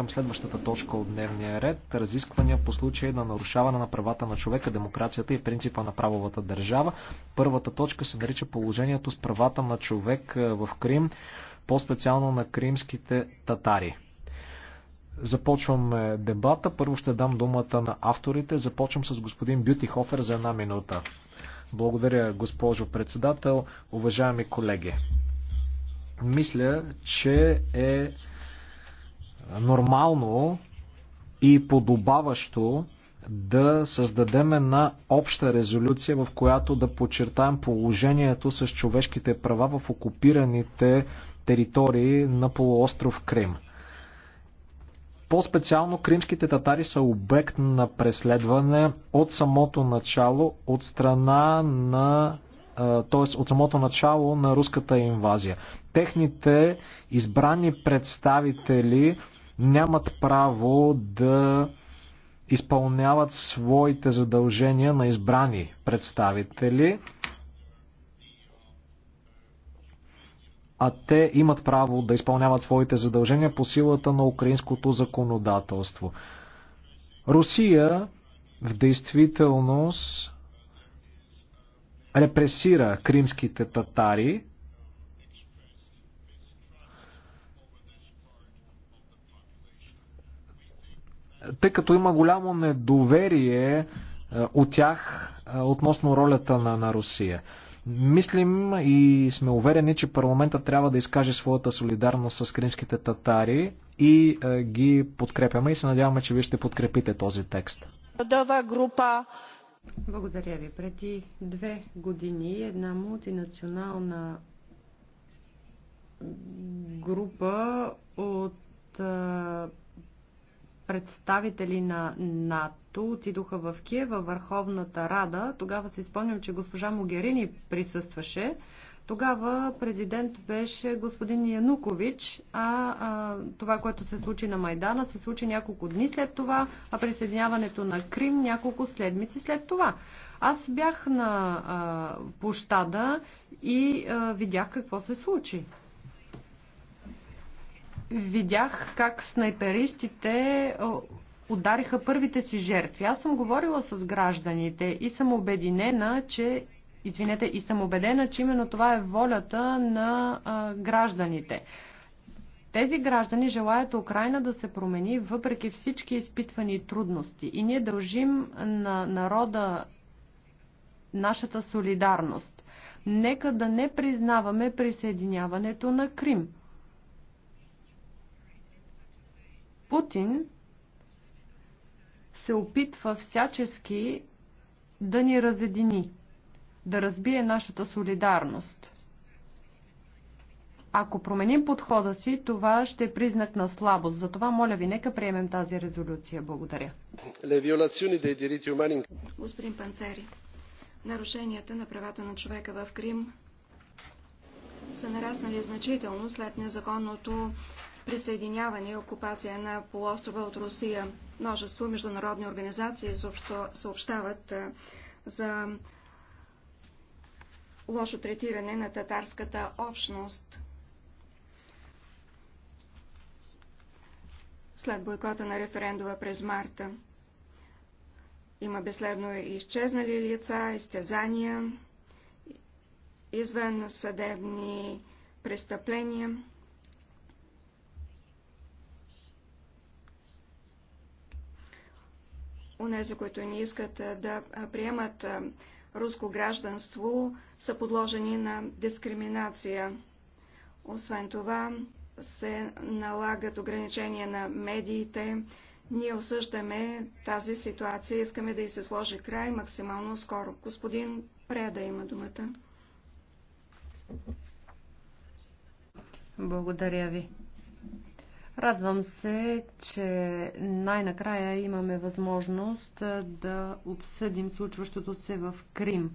към следващата точка от дневния ред – разисквания по случай на нарушаване на правата на човека, демокрацията и принципа на правовата държава. Първата точка се нарича положението с правата на човек е, в Крим, по-специално на кримските татари. Започваме дебата. Първо ще дам думата на авторите. Започвам с господин Бютихофер за една минута. Благодаря, госпожо председател, уважаеми колеги. Мисля, че е нормално и подобаващо да създадем една обща резолюция, в която да подчертаем положението с човешките права в окупираните територии на полуостров Крим. По-специално кримските татари са обект на преследване от самото начало, от страна на т.е. от самото начало на руската инвазия. Техните избрани представители нямат право да изпълняват своите задължения на избрани представители, а те имат право да изпълняват своите задължения по силата на украинското законодателство. Русия в действителност репресира кримските татари, тъй като има голямо недоверие е, от тях е, относно ролята на, на Русия. Мислим и сме уверени, че парламента трябва да изкаже своята солидарност с кримските татари и е, ги подкрепяме и се надяваме, че вие ще подкрепите този текст. група. Благодаря ви. Преди две години една мултинационална група от е, представители на НАТО отидоха в Киев, във Върховната Рада. Тогава се изпълням, че госпожа Могерини присъстваше. Тогава президент беше господин Янукович, а, а това, което се случи на Майдана, се случи няколко дни след това, а присъединяването на Крим няколко седмици след това. Аз бях на а, площада и а, видях какво се случи видях как снайперистите удариха първите си жертви. Аз съм говорила с гражданите и съм обединена, че извинете, и съм убедена, че именно това е волята на а, гражданите. Тези граждани желаят Украина да се промени въпреки всички изпитвани трудности. И ние дължим на народа нашата солидарност. Нека да не признаваме присъединяването на Крим. Путин се опитва всячески да ни разедини, да разбие нашата солидарност. Ако променим подхода си, това ще е признак на слабост. Затова, моля ви, нека приемем тази резолюция. Благодаря. Господин Панцери, нарушенията на правата на човека в Крим са нараснали значително след незаконното присъединяване и окупация на полуострова от Русия. Множество международни организации съобщават е, за лошо третиране на татарската общност. След бойкота на референдума през марта има безследно изчезнали лица, изтезания, извън съдебни престъпления. Унези, които не искат да приемат руско гражданство, са подложени на дискриминация. Освен това, се налагат ограничения на медиите. Ние осъждаме тази ситуация. и Искаме да й се сложи край максимално скоро. Господин Преда има думата. Благодаря ви. Радвам се, че най-накрая имаме възможност да обсъдим случващото се в Крим.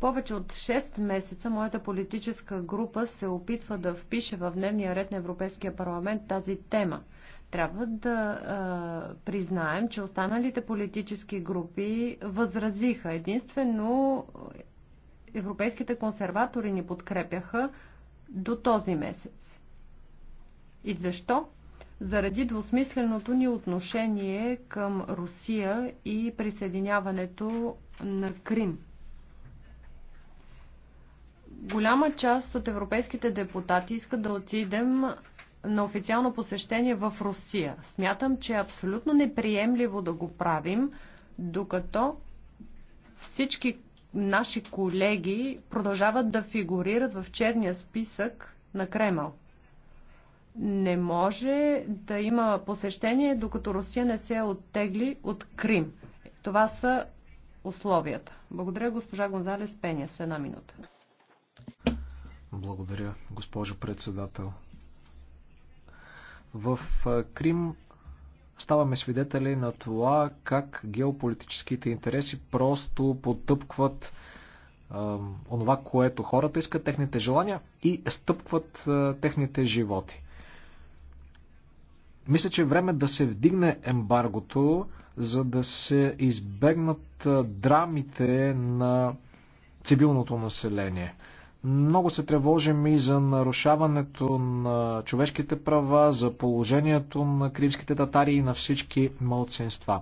Повече от 6 месеца моята политическа група се опитва да впише в дневния ред на Европейския парламент тази тема. Трябва да е, признаем, че останалите политически групи възразиха. Единствено европейските консерватори ни подкрепяха до този месец. И защо? Заради двусмисленото ни отношение към Русия и присъединяването на Крим. Голяма част от европейските депутати искат да отидем на официално посещение в Русия. Смятам, че е абсолютно неприемливо да го правим, докато всички наши колеги продължават да фигурират в черния списък на Кремъл. Не може да има посещение, докато Русия не се е оттегли от Крим. Това са условията. Благодаря госпожа Гонзалес Пения, с една минута. Благодаря, госпожо председател. В Крим ставаме свидетели на това как геополитическите интереси просто потъпкват онова, което хората искат, техните желания и стъпкват техните животи. Мисля, че е време да се вдигне ембаргото, за да се избегнат драмите на цивилното население. Много се тревожим и за нарушаването на човешките права, за положението на кримските татари и на всички мълценства.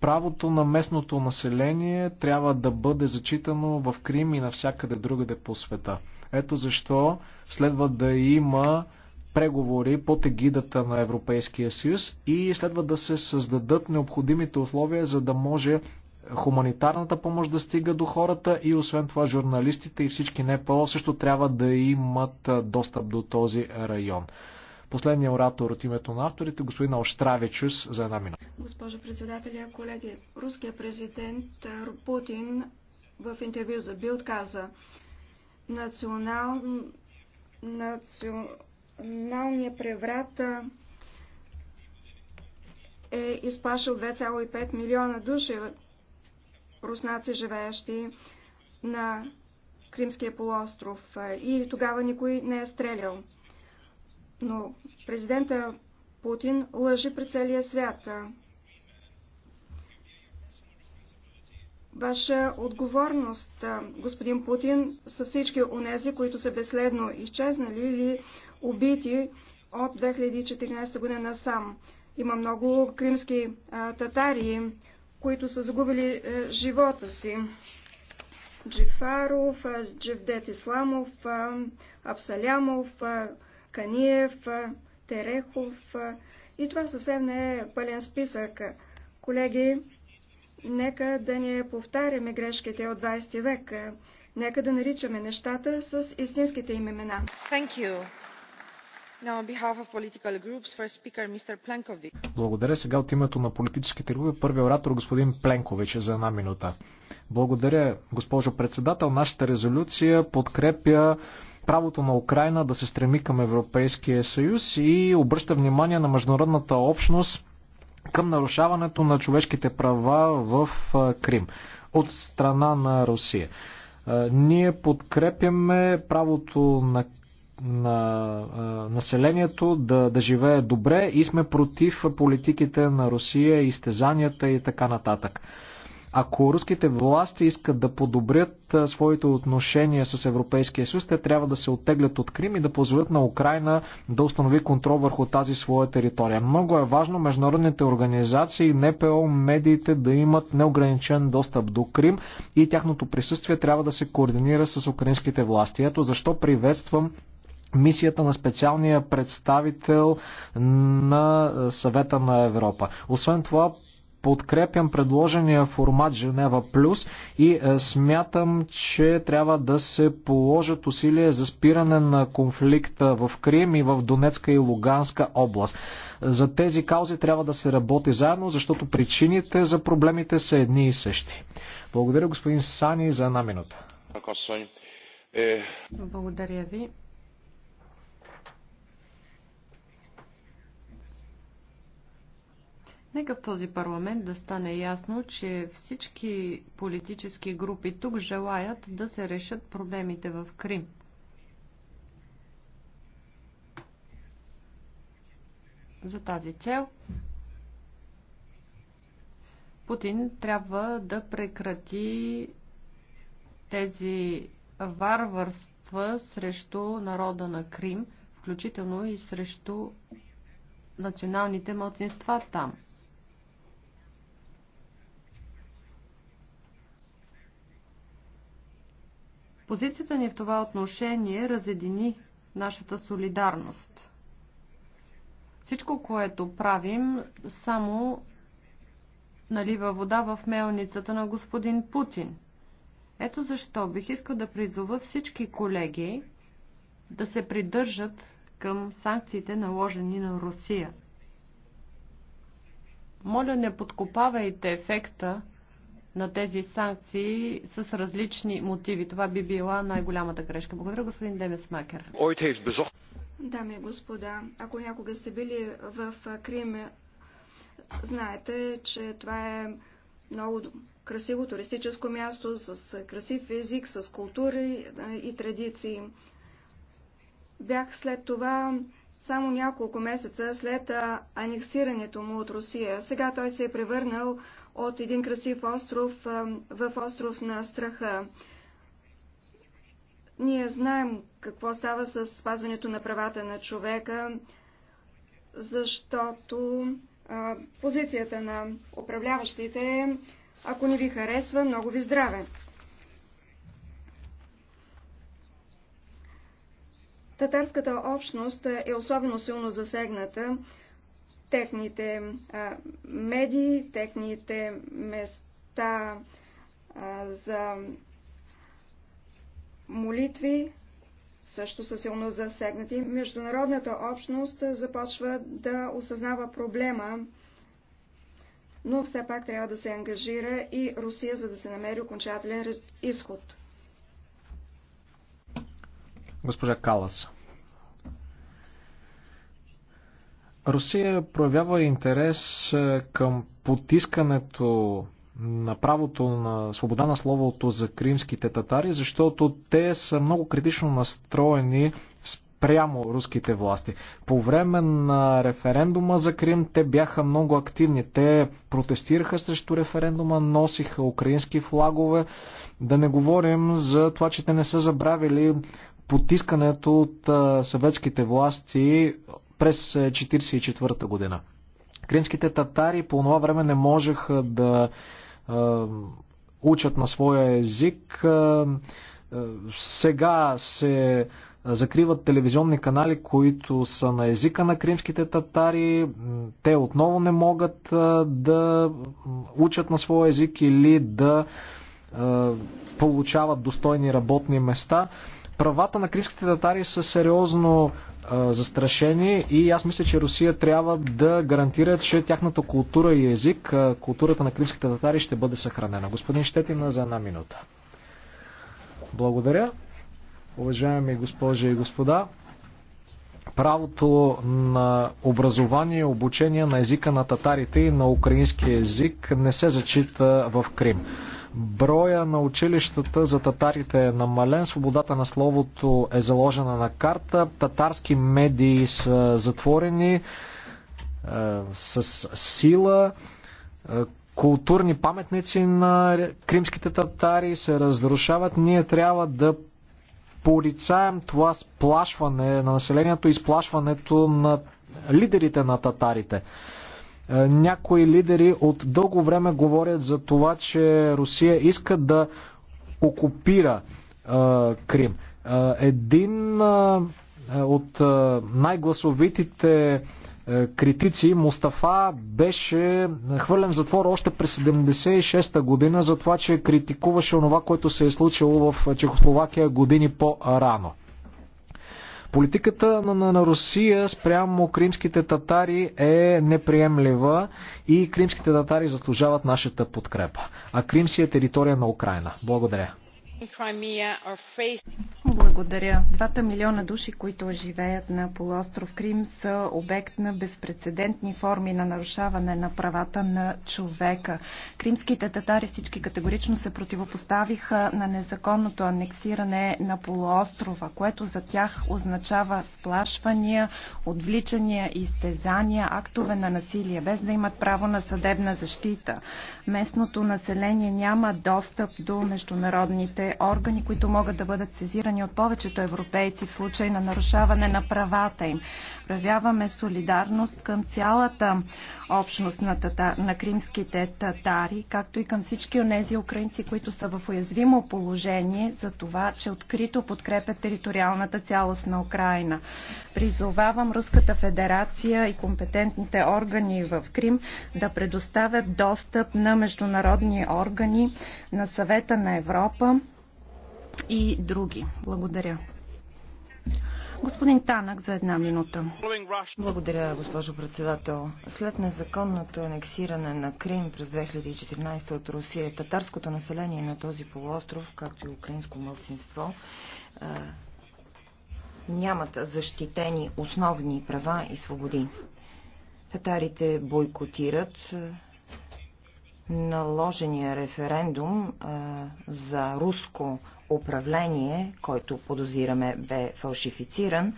Правото на местното население трябва да бъде зачитано в Крим и навсякъде другаде по света. Ето защо следва да има преговори под егидата на Европейския съюз и следва да се създадат необходимите условия, за да може хуманитарната помощ да стига до хората и освен това журналистите и всички НПО също трябва да имат достъп до този район. Последният оратор от името на авторите, господин Оштравичус, за една минута. Госпожо председателя, колеги, руският президент Путин в интервю за Билд каза, национал... национ... Налния преврат е изпашил 2,5 милиона души руснаци, живеещи на Кримския полуостров. И тогава никой не е стрелял. Но президента Путин лъжи пред целия свят. Ваша отговорност, господин Путин, са всички онези, които са безследно изчезнали или убити от 2014 година насам. Има много кримски а, татари, които са загубили а, е, живота си. Джифаров, а, Джевдет Исламов, а, Абсалямов, а, Каниев, а, Терехов. А, и това съвсем не е пълен списък. Колеги, нека да не повтаряме грешките от 20 век. Нека да наричаме нещата с истинските им имена. Thank you. Благодаря. Сега от името на политическите групи първи оратор господин Пленкович е за една минута. Благодаря, госпожо председател. Нашата резолюция подкрепя правото на Украина да се стреми към Европейския съюз и обръща внимание на международната общност към нарушаването на човешките права в Крим от страна на Русия. Ние подкрепяме правото на на населението да, да живее добре и сме против политиките на Русия, изтезанията и така нататък. Ако руските власти искат да подобрят своите отношения с Европейския съюз, те трябва да се оттеглят от Крим и да позволят на Украина да установи контрол върху тази своя територия. Много е важно международните организации, НПО, медиите да имат неограничен достъп до Крим и тяхното присъствие трябва да се координира с украинските власти. Ето защо приветствам мисията на специалния представител на е, съвета на Европа. Освен това, подкрепям предложения формат Женева Плюс и е, смятам, че трябва да се положат усилия за спиране на конфликта в Крим и в Донецка и Луганска област. За тези каузи трябва да се работи заедно, защото причините за проблемите са едни и същи. Благодаря господин Сани за една минута. Благодаря ви. Нека в този парламент да стане ясно, че всички политически групи тук желаят да се решат проблемите в Крим. За тази цел Путин трябва да прекрати тези варварства срещу народа на Крим, включително и срещу националните младсинства там. Позицията ни в това отношение разедини нашата солидарност. Всичко, което правим, само налива вода в мелницата на господин Путин. Ето защо бих искал да призова всички колеги да се придържат към санкциите наложени на Русия. Моля, не подкопавайте ефекта на тези санкции с различни мотиви. Това би била най-голямата грешка. Благодаря, господин Демес Макер. Дами и господа, ако някога сте били в Крим, знаете, че това е много красиво туристическо място, с красив език, с култури и традиции. Бях след това само няколко месеца след анексирането му от Русия. Сега той се е превърнал от един красив остров в остров на страха. Ние знаем какво става с спазването на правата на човека, защото а, позицията на управляващите е, ако не ви харесва, много ви здраве. Татарската общност е особено силно засегната техните а, медии, техните места а, за молитви също са силно засегнати. Международната общност започва да осъзнава проблема, но все пак трябва да се ангажира и Русия, за да се намери окончателен изход. Госпожа Калас. Русия проявява интерес е, към потискането на правото на свобода на словото за кримските татари, защото те са много критично настроени спрямо руските власти. По време на референдума за Крим те бяха много активни. Те протестираха срещу референдума, носиха украински флагове. Да не говорим за това, че те не са забравили потискането от е, съветските власти през 1944 е, година. Кримските татари по това време не можеха да е, учат на своя език. Е, е, сега се закриват телевизионни канали, които са на езика на кримските татари. Те отново не могат е, да учат на своя език или да е, получават достойни работни места. Правата на кримските татари са сериозно застрашени и аз мисля, че Русия трябва да гарантира, че тяхната култура и език, културата на кримските татари ще бъде съхранена. Господин Щетина за една минута. Благодаря. Уважаеми госпожи и господа, правото на образование и обучение на езика на татарите и на украински език не се зачита в Крим. Броя на училищата за татарите е намален, свободата на словото е заложена на карта, татарски медии са затворени е, с сила, е, културни паметници на кримските татари се разрушават. Ние трябва да порицаем това сплашване на населението и сплашването на лидерите на татарите. Е, някои лидери от дълго време говорят за това, че Русия иска да окупира е, Крим. Е, един от най-гласовитите критици, Мустафа беше хвърлен в затвор още през 76-та година за това, че критикуваше онова, което се е случило в Чехословакия години по-рано. Политиката на, на, на Русия спрямо кримските татари е неприемлива и кримските татари заслужават нашата подкрепа. А Крим си е територия на Украина. Благодаря. Благодаря. Двата милиона души, които живеят на полуостров Крим, са обект на безпредседентни форми на нарушаване на правата на човека. Кримските татари всички категорично се противопоставиха на незаконното анексиране на полуострова, което за тях означава сплашвания, отвличания, изтезания, актове на насилие, без да имат право на съдебна защита. Местното население няма достъп до международните органи, които могат да бъдат сезирани от повечето европейци в случай на нарушаване на правата им. Проявяваме солидарност към цялата общност на, тата, на кримските татари, както и към всички от тези украинци, които са в уязвимо положение за това, че открито подкрепят териториалната цялост на Украина. Призовавам Руската федерация и компетентните органи в Крим да предоставят достъп на международни органи на съвета на Европа и други. Благодаря. Господин Танък за една минута. Благодаря, госпожо председател. След незаконното анексиране на Крим през 2014 от Русия, татарското население на този полуостров, както и украинско мълцинство, нямат защитени основни права и свободи. Татарите бойкотират наложения референдум за руско управление, който подозираме бе фалшифициран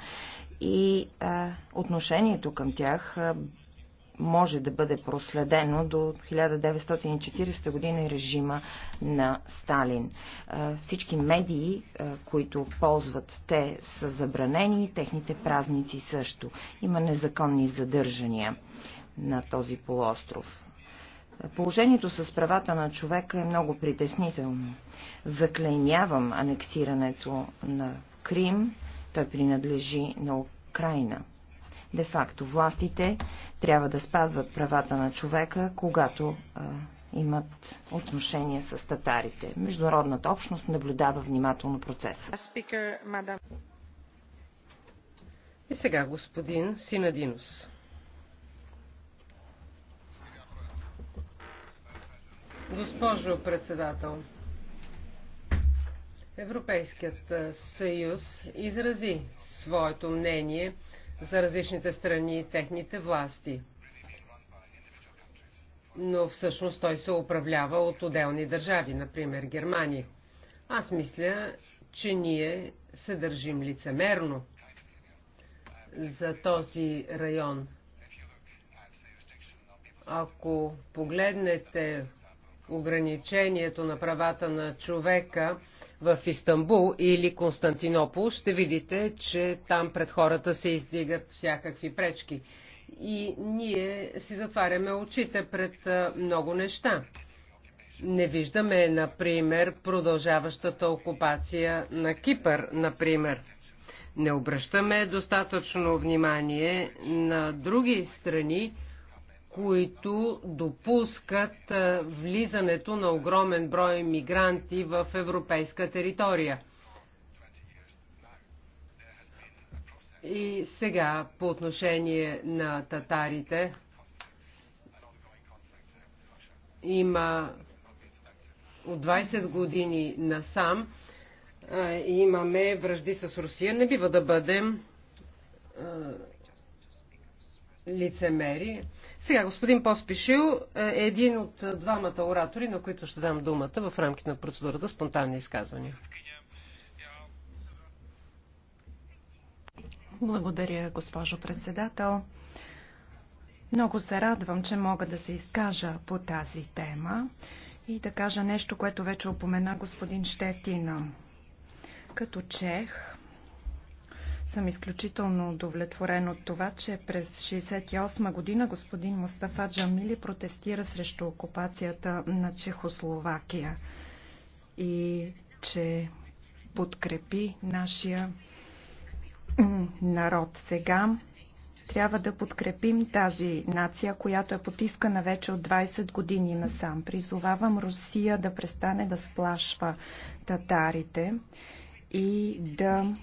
и а, отношението към тях а, може да бъде проследено до 1940 година и режима на Сталин. Всички медии, които ползват те, са забранени, техните празници също. Има незаконни задържания на този полуостров. Положението с правата на човека е много притеснително. Заклеймявам анексирането на Крим, той принадлежи на Украина. Де-факто властите трябва да спазват правата на човека, когато а, имат отношение с татарите. Международната общност наблюдава внимателно процеса. И сега господин Синадинус. Госпожо председател, Европейският е, съюз изрази своето мнение за различните страни и техните власти. Но всъщност той се управлява от отделни държави, например Германия. Аз мисля, че ние се държим лицемерно за този район. Ако погледнете ограничението на правата на човека в Истанбул или Константинопол, ще видите, че там пред хората се издигат всякакви пречки. И ние си затваряме очите пред много неща. Не виждаме, например, продължаващата окупация на Кипър, например. Не обръщаме достатъчно внимание на други страни, които допускат влизането на огромен брой мигранти в европейска територия. И сега по отношение на татарите има от 20 години насам имаме връжди с Русия. Не бива да бъдем лицемери. Сега господин Поспишил е един от е, двамата оратори, на които ще дам думата в рамките на процедурата спонтанни изказвания. Благодаря, госпожо председател. Много се радвам, че мога да се изкажа по тази тема и да кажа нещо, което вече опомена господин Щетина. Като чех, съм изключително удовлетворен от това, че през 1968 година господин Мустафа Джамили протестира срещу окупацията на Чехословакия и че подкрепи нашия народ. Сега трябва да подкрепим тази нация, която е потискана вече от 20 години насам. Призовавам Русия да престане да сплашва татарите и да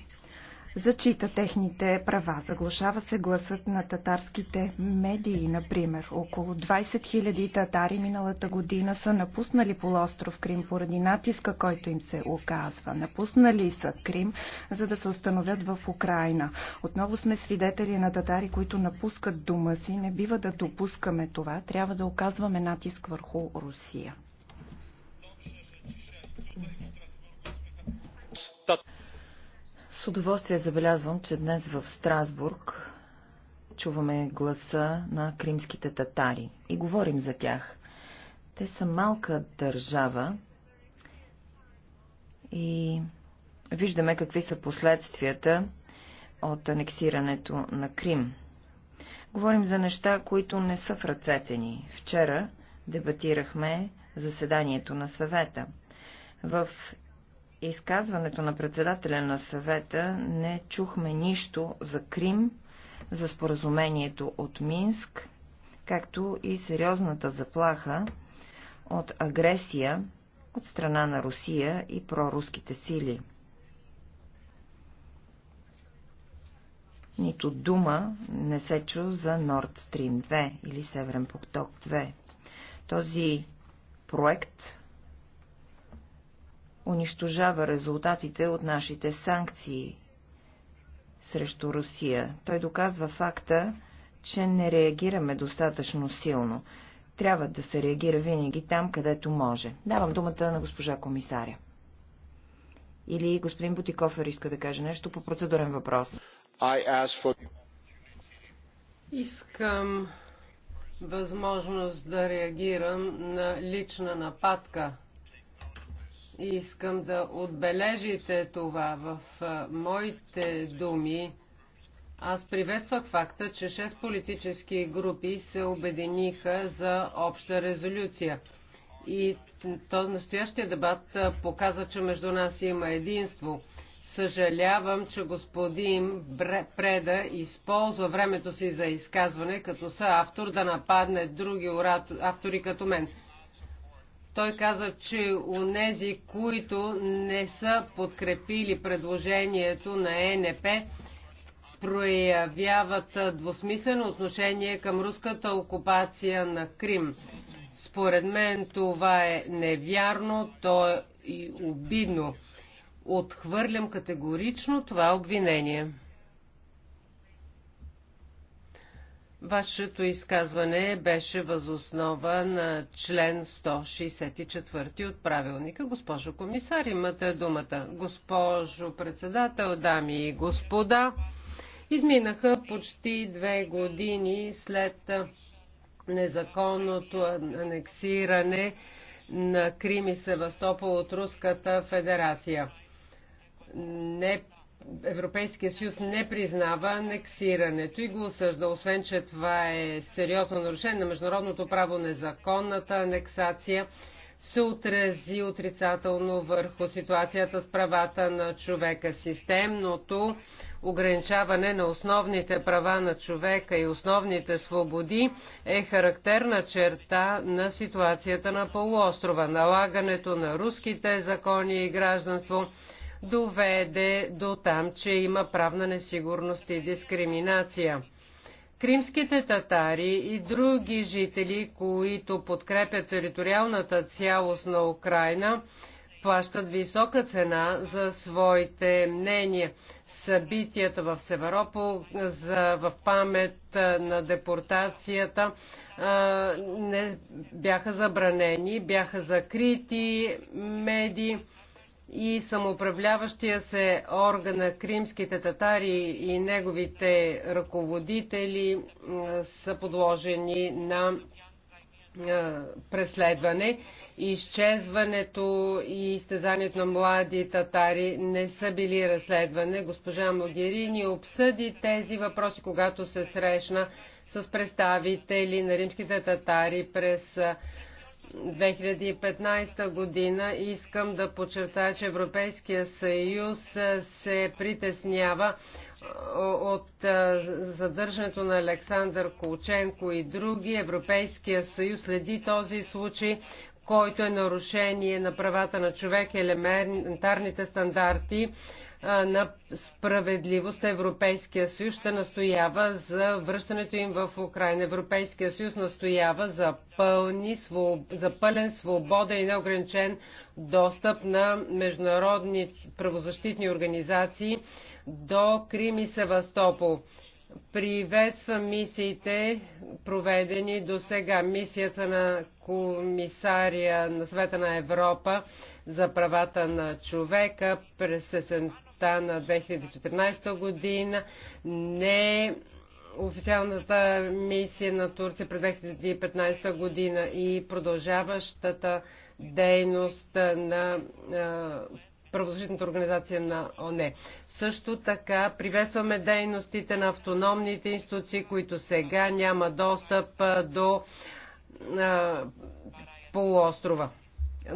зачита техните права. Заглушава се гласът на татарските медии, например. Около 20 000 татари миналата година са напуснали полуостров Крим поради натиска, който им се оказва. Напуснали са Крим, за да се установят в Украина. Отново сме свидетели на татари, които напускат дома си. Не бива да допускаме това. Трябва да оказваме натиск върху Русия. С удоволствие забелязвам, че днес в Страсбург чуваме гласа на кримските татари и говорим за тях. Те са малка държава и виждаме какви са последствията от анексирането на Крим. Говорим за неща, които не са в ръцете ни. Вчера дебатирахме заседанието на съвета. В изказването на председателя на съвета не чухме нищо за Крим, за споразумението от Минск, както и сериозната заплаха от агресия от страна на Русия и проруските сили. Нито дума не се чу за Nord Stream 2 или Северен поток 2. Този проект унищожава резултатите от нашите санкции срещу Русия. Той доказва факта, че не реагираме достатъчно силно. Трябва да се реагира винаги там, където може. Давам думата на госпожа комисаря. Или господин Бутикофер иска да каже нещо по процедурен въпрос. For... Искам възможност да реагирам на лична нападка Искам да отбележите това в моите думи. Аз приветствах факта, че шест политически групи се обединиха за обща резолюция. И този настоящия дебат показа, че между нас има единство. Съжалявам, че господин Преда използва времето си за изказване, като са автор да нападне други автори като мен. Той каза, че онези, които не са подкрепили предложението на ЕНП, проявяват двусмислено отношение към руската окупация на Крим. Според мен това е невярно, то е и обидно. Отхвърлям категорично това обвинение. Вашето изказване беше възоснова на член 164 от правилника. Госпожо комисар, имате думата. Госпожо председател, дами и господа, изминаха почти две години след незаконното анексиране на Крим и Севастопол от Руската федерация. Не Европейския съюз не признава анексирането и го осъжда, освен че това е сериозно нарушение на международното право, незаконната анексация се отрази отрицателно върху ситуацията с правата на човека. Системното ограничаване на основните права на човека и основните свободи е характерна черта на ситуацията на полуострова. Налагането на руските закони и гражданство – доведе до там, че има правна несигурност и дискриминация. Кримските татари и други жители, които подкрепят териториалната цялост на Украина, плащат висока цена за своите мнения. Събитията в Северопол за, в памет на депортацията а, не бяха забранени, бяха закрити медии и самоуправляващия се орган на кримските татари и неговите ръководители са подложени на преследване. Изчезването и изтезанието на млади татари не са били разследване. Госпожа Могерини обсъди тези въпроси, когато се срещна с представители на римските татари през 2015 година искам да подчертая, че Европейския съюз се притеснява от задържането на Александър Колченко и други. Европейския съюз следи този случай, който е нарушение на правата на човек и елементарните стандарти на справедливост Европейския съюз ще настоява за връщането им в Украина. Европейския съюз настоява за, пълни, за пълен свободен и неограничен достъп на международни правозащитни организации до Крим и Севастопол. Приветствам мисиите, проведени до сега. Мисията на комисария на Света на Европа за правата на човека през сесента пролета на 2014 година, не официалната мисия на Турция през 2015 година и продължаващата дейност на правозащитната организация на ОНЕ. Също така приветстваме дейностите на автономните институции, които сега няма достъп до полуострова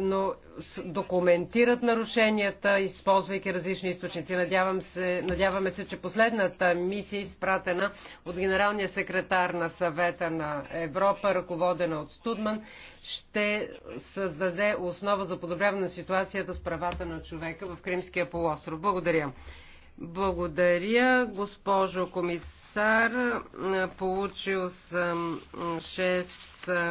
но документират нарушенията, използвайки различни източници. Надявам се, надяваме се, че последната мисия, е изпратена от генералния секретар на съвета на Европа, ръководена от Студман, ще създаде основа за подобряване на ситуацията с правата на човека в Кримския полуостров. Благодаря. Благодаря, госпожо комисар. Получил съм 6